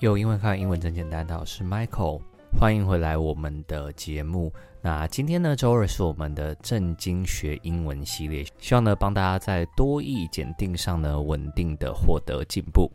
用英文看英文真簡單，我是 Michael，歡迎回來我們的節目。那今天呢，週二是我們的正經學英文系列，希望呢幫大家在多益檢定上呢穩定的獲得進步。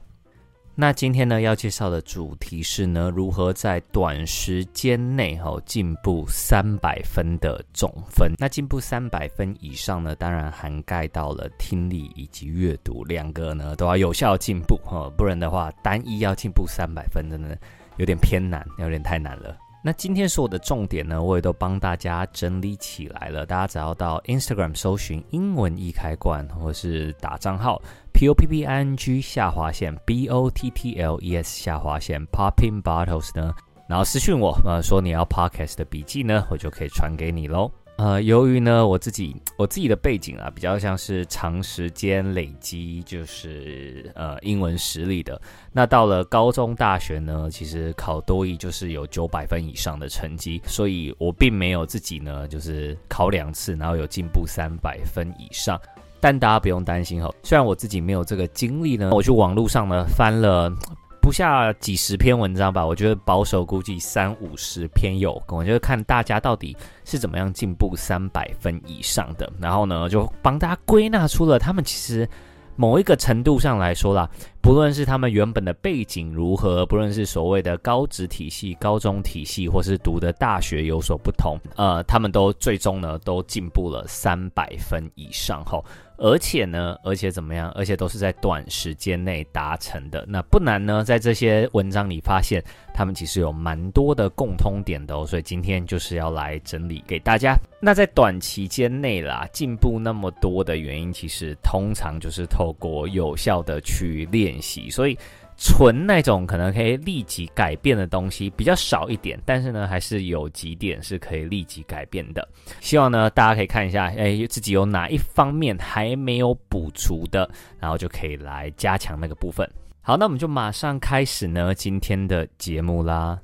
那今天呢，要介紹的主題是呢，如何在短時間內哦進步300分的總分。那進步300分以上呢，當然涵蓋到了聽力以及閱讀兩個呢都要有效的進步哈、哦，不然的話，單一要進步300分真的有點偏難，有點太難了。那今天所有的重點呢，我也都幫大家整理起來了。大家只要到 Instagram 搜尋英文易開罐，或是打賬號 P O P P I N G 下劃線 B O T T L E S 下劃線 popping bottles 呢，然後私訊我，呃，說你要 podcast 的筆記呢，我就可以傳給你嘍。呃，由於呢，我自己我自己的背景啊，比較像是長時間累積，就是呃，英文實力的。那到了高中、大學呢，其實考多益就是有九百分以上的成績，所以我並沒有自己呢，就是考兩次，然後有進步三百分以上。但大家不用擔心哈、哦，雖然我自己沒有這個經歷呢，我去網絡上呢翻了。不下幾十篇文章吧，我覺得保守估計三五十篇有，我就看大家到底是怎麼樣進步三百分以上的。然後呢，就幫大家歸納出了他們其實某一個程度上來說啦，不論是他們原本的背景如何，不論是所謂的高職體系、高中體系，或是讀的大學有所不同，呃，他們都最終呢都進步了三百分以上，吼。而且呢，而且怎麼樣？而且都是在短時間內達成的。那不難呢，在這些文章裡發現，他們其實有蠻多的共通點的哦。所以今天就是要來整理給大家。那在短期間內啦，進步那麼多的原因，其實通常就是透過有效的去練習。所以。純那種可能可以立即改變的東西比較少一點，但是呢，還是有幾點是可以立即改變的。希望呢，大家可以看一下，哎，自己有哪一方面還沒有補足的，然後就可以來加強那個部分。好，那我們就馬上開始呢，今天的節目啦。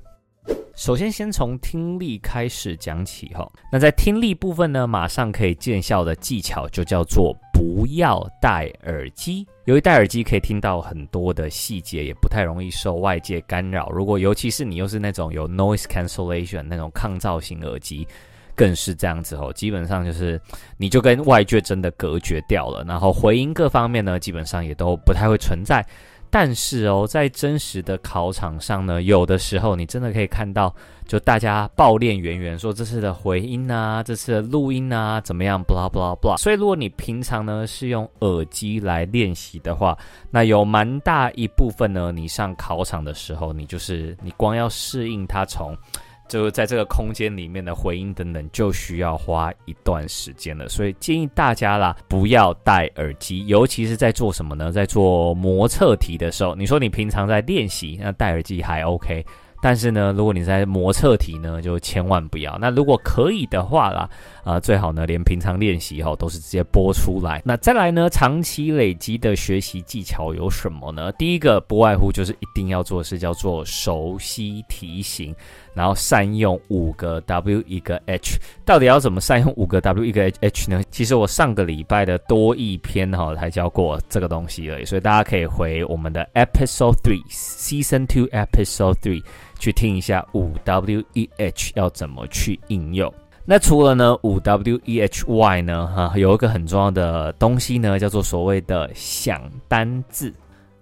首先，先從聽力開始講起吼。那在聽力部分呢，馬上可以見效的技巧就叫做不要戴耳機。由於戴耳機可以聽到很多的細節，也不太容易受外界干擾。如果尤其是你又是那種有 noise cancellation 那種抗噪型耳機，更是這樣子吼。基本上就是你就跟外界真的隔絕掉了，然後回音各方面呢，基本上也都不太會存在。但是哦，在真實的考場上呢，有的時候你真的可以看到，就大家抱怨連連說這次的回音啊，這次的錄音啊，怎麼樣？blah blah blah。所以如果你平常呢是用耳機來練習的話，那有蠻大一部分呢，你上考場的時候，你就是你光要適應它從。就是在這個空間裡面的回音等等，就需要花一段時間了，所以建議大家啦，不要戴耳機，尤其是在做什麼呢？在做模測題的時候，你說你平常在練習，那戴耳機還 OK。但是呢，如果你在模測題呢，就千萬不要。那如果可以的話啦，啊、呃，最好呢，連平常練習哈都是直接播出來。那再來呢，長期累積的學習技巧有什麼呢？第一個不外乎就是一定要做的是叫做熟悉題型，然後善用五個 W 一個 H。到底要怎麼善用五個 W 一個 H 呢？其實我上個禮拜的多益篇哈，才教過這個東西而已，所以大家可以回我們的 Ep 3, 2 Episode Three Season Two Episode Three。去聽一下 5W1H 要怎麼去應用。那除了呢 5W1H 外呢，哈、啊，有一個很重要的東西呢，叫做所謂的想單字。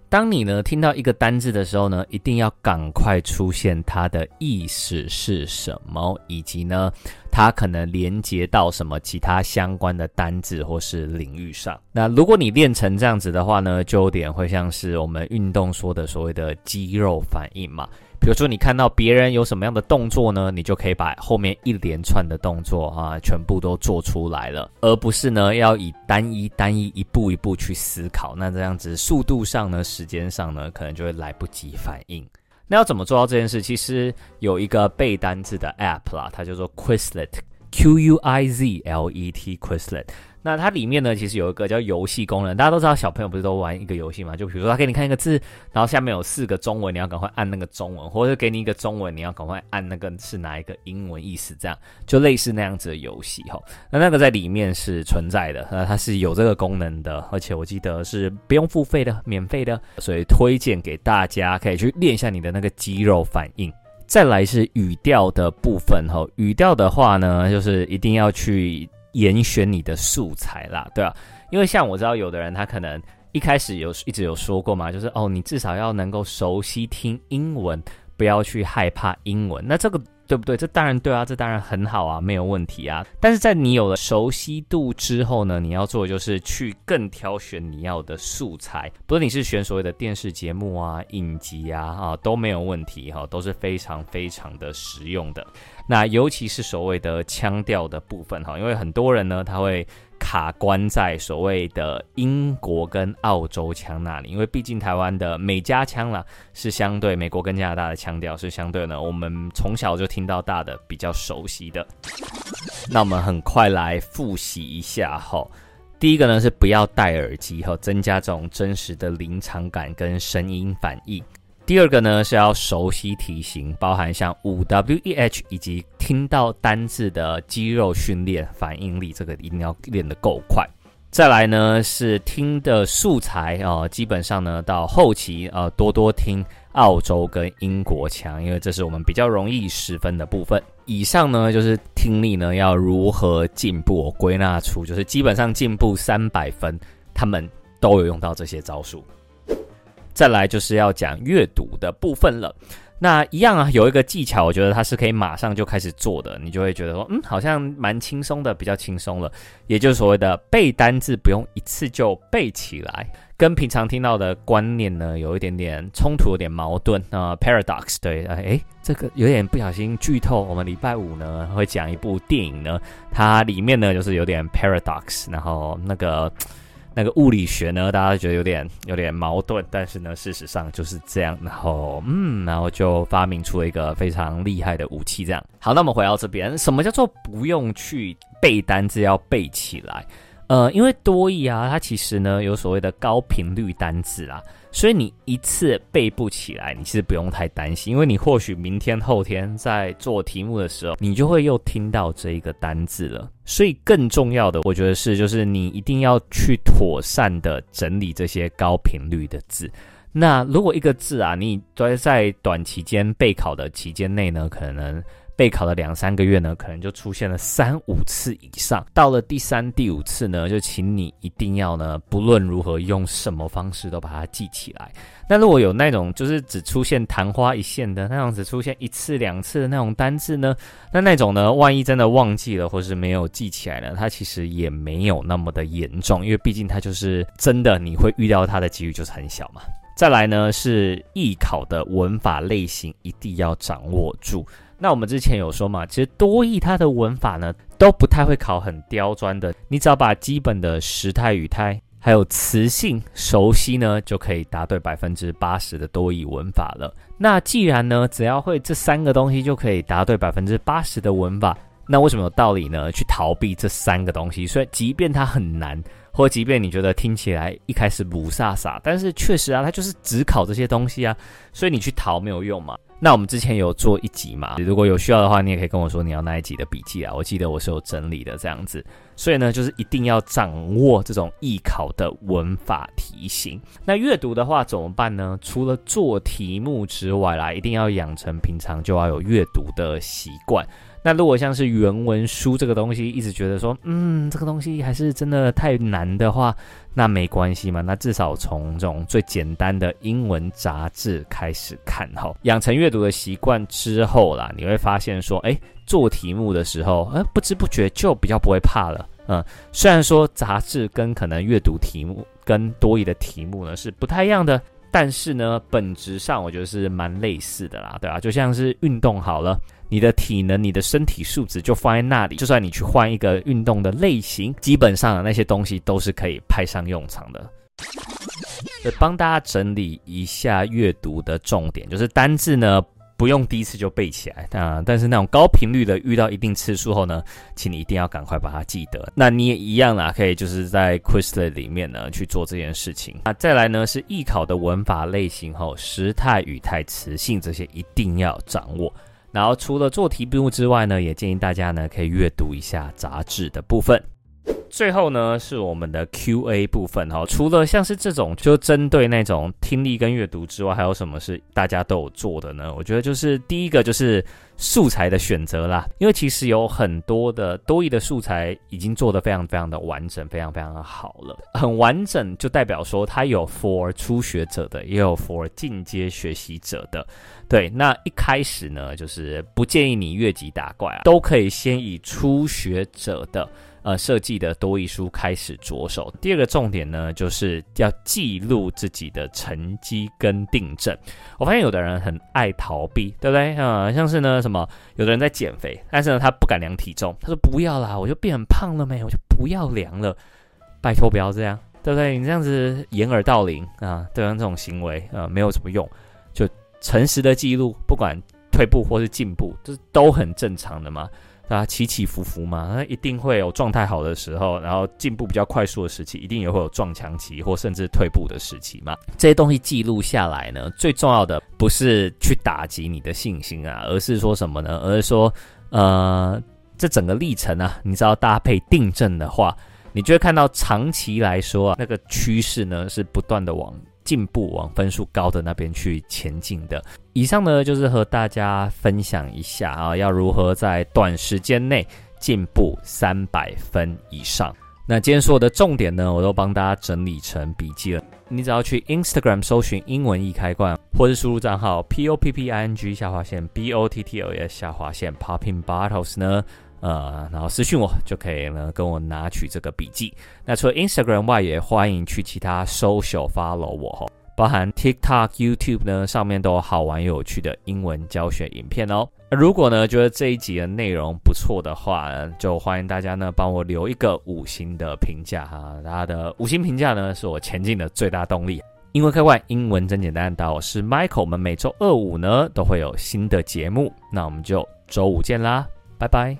當你呢聽到一個單字的時候呢，一定要趕快出現它的意思是什麼，以及呢它可能連接到什麼其他相關的單字或是領域上。那如果你練成這樣子的話呢，就有點會像是我們運動說的所謂的肌肉反應嘛。比如說，你看到別人有什麼樣的動作呢？你就可以把後面一連串的動作啊，全部都做出來了，而不是呢要以單一單一一步一步去思考。那這樣子速度上呢，時間上呢，可能就會來不及反應。那要怎麼做到這件事？其實有一個背單字的 App 啦，它叫做 Quizlet，Q U I Z L E T，Quizlet。T, 那它裡面呢，其實有一個叫遊戲功能，大家都知道小朋友不是都玩一個遊戲嗎？就比如說他給你看一個字，然後下面有四個中文，你要趕快按那個中文，或者給你一個中文，你要趕快按那個是哪一個英文意思，這樣就類似那樣子的遊戲齁。那那個在裡面是存在的，那它是有這個功能的，而且我記得是不用付費的，免費的，所以推薦給大家可以去練一下你的那個肌肉反應。再來是語調的部分齁，語調的話呢，就是一定要去。嚴選你的素材啦，對啊，因為像我知道有的人他可能一開始有一直有說過嘛，就是哦，你至少要能夠熟悉聽英文，不要去害怕英文，那這個。對不對？這當然對啊，這當然很好啊，沒有問題啊。但是在你有了熟悉度之後呢，你要做的就是去更挑選你要的素材。不論你是選所謂的電視節目啊、影集啊，啊都沒有問題哈，啊，都是非常非常的實用的。那尤其是所謂的腔調的部分哈，啊，因為很多人呢他會。卡關在所謂的英國跟澳洲腔那裡，因為畢竟台灣的美加腔啦，是相對美國跟加拿大的腔調是相對呢，我們從小就聽到大的比較熟悉的。那我們很快來複習一下吼，第一個呢是不要戴耳機吼，增加這種真實的臨場感跟聲音反應。第二個呢是要熟悉題型，包含像 5W1H 以及聽到單字的肌肉訓練反應力，這個一定要練得夠快。再來呢是聽的素材啊、呃，基本上呢到後期啊、呃、多多聽澳洲跟英國腔，因為這是我們比較容易失分的部分。以上呢就是聽力呢要如何進步，我歸納出就是基本上進步三百分，他們都有用到這些招數。再來就是要講閱讀的部分了，那一樣啊，有一個技巧，我覺得它是可以馬上就開始做的，你就會覺得說，嗯，好像蠻輕鬆的，比較輕鬆了，也就是所謂的背單字，不用一次就背起來，跟平常聽到的觀念呢有一點點衝突，有點矛盾啊，paradox，對，誒、欸，這個有點不小心劇透，我們禮拜五呢會講一部電影呢，它裡面呢就是有點 paradox，然後那個。那個物理學呢，大家覺得有點有點矛盾，但是呢，事實上就是這樣。然後，嗯，然後就發明出了一個非常厲害的武器。這樣，好，那我們回到這邊，什麼叫做不用去背單字，要背起來？呃，因為多益啊，它其實呢有所謂的高頻率單字啊，所以你一次背不起來，你其實不用太擔心，因為你或許明天、後天在做題目的時候，你就會又聽到這一個單字了。所以更重要的，我覺得是，就是你一定要去妥善的整理這些高頻率的字。那如果一個字啊，你在短期間備考的期間內呢，可能。備考了兩三個月呢，可能就出現了三五次以上。到了第三、第五次呢，就請你一定要呢，不論如何，用什麼方式都把它記起來。那如果有那種就是只出現曇花一現的那樣子，出現一次兩次的那種單字呢，那那種呢，萬一真的忘記了或是沒有記起來呢，它其實也沒有那麼的嚴重，因為畢竟它就是真的，你會遇到它的幾率就是很小嘛。再來呢，是易考的文法類型一定要掌握住。那我們之前有說嘛，其實多益它的文法呢，都不太會考很刁鑽的，你只要把基本的時態、語態還有詞性熟悉呢，就可以答對百分之八十的多益文法了。那既然呢，只要會這三個東西就可以答對百分之八十的文法，那為什麼有道理呢？去逃避這三個東西，所以即便它很難，或即便你覺得聽起來一開始霧煞煞，但是確實啊，它就是只考這些東西啊，所以你去逃沒有用嘛。那我們之前有做一集嘛。如果有需要的話，你也可以跟我說你要那一集的筆記啊。我記得我是有整理的這樣子，所以呢，就是一定要掌握這種易考的文法題型。那閱讀的話怎麼辦呢？除了做題目之外啦，一定要養成平常就要有閱讀的習慣。那如果像是原文書這個東西，一直覺得說，嗯，這個東西還是真的太難的話，那沒關係嘛。那至少從這種最簡單的英文雜誌開始看吼，養成閱讀的習慣之後啦，你會發現說，誒、欸，做題目的時候，誒、欸，不知不覺就比較不會怕了。嗯，雖然說雜誌跟可能閱讀題目跟多益的題目呢是不太一樣的。但是呢，本質上我覺得是蠻類似的啦，對啊，就像是運動好了，你的體能、你的身體素質就放在那裡，就算你去換一個運動的類型，基本上那些東西都是可以派上用場的。幫大家整理一下閱讀的重點，就是單字呢。不用第一次就背起來，啊，但是那種高頻率的，遇到一定次數後呢，請你一定要趕快把它記得。那你也一樣啦，可以就是在 Quizlet 裡面呢去做這件事情。那再來呢是藝考的文法類型，吼，時態、語態、詞性這些一定要掌握。然後除了做題目之外呢，也建議大家呢可以閱讀一下雜誌的部分。最後呢，是我們的 Q A 部分哈。除了像是這種就針對那種聽力跟閱讀之外，還有什麼是大家都有做的呢？我覺得就是第一個就是素材的選擇啦。因為其實有很多的多益的素材已經做得非常非常的完整，非常非常的好了。很完整就代表說它有 for 初學者的，也有 for 進階學習者的。對，那一開始呢，就是不建議你越級打怪啊，都可以先以初學者的呃，設計的多益書開始着手。第二個重點呢，就是要記錄自己的成績跟訂正。我發現有的人很愛逃避，對不對？啊、呃，像是呢什麼，有的人在減肥，但是呢他不敢量體重，他說不要啦，我就變很胖了沒，我就不要量了。拜托不要這樣，對不對？你這樣子掩耳盜鈴啊、呃，對啊，這種行為啊、呃、沒有什麼用，就誠實的記錄，不管退步或是進步，這、就是、都很正常的嘛。啊，起起伏伏嘛，那、啊、一定會有狀態好的時候，然後進步比較快速的時期，一定也會有撞牆期或甚至退步的時期嘛。這些東西記錄下來呢，最重要的不是去打擊你的信心啊，而是說什麼呢？而是說，呃，這整個歷程啊，你知道搭配訂正的話，你就會看到長期來說啊，那個趨勢呢是不斷的往。進步往分數高的那邊去前進的。以上呢就是和大家分享一下啊，要如何在短時間內進步三百分以上。那今天所有的重點呢，我都幫大家整理成筆記了。你只要去 Instagram 搜尋“英文易開罐”或者輸入賬號 p o p p i n g 下劃線 b o t t l s，下劃線 popping bottles 呢。呃、嗯，然後私訊我就可以了，跟我拿取這個筆記。那除了 Instagram 外，也歡迎去其他 social follow 我哈、哦，包含 TikTok、YouTube 呢，上面都有好玩有趣的英文教學影片哦。那如果呢覺得這一集的內容不錯的話，就歡迎大家呢幫我留一個五星的評價哈、啊。大家的五星評價呢是我前進的最大動力。英文易開罐，英文真簡單，我是 Michael。我們每週二五呢都會有新的節目，那我們就週五見啦，拜拜。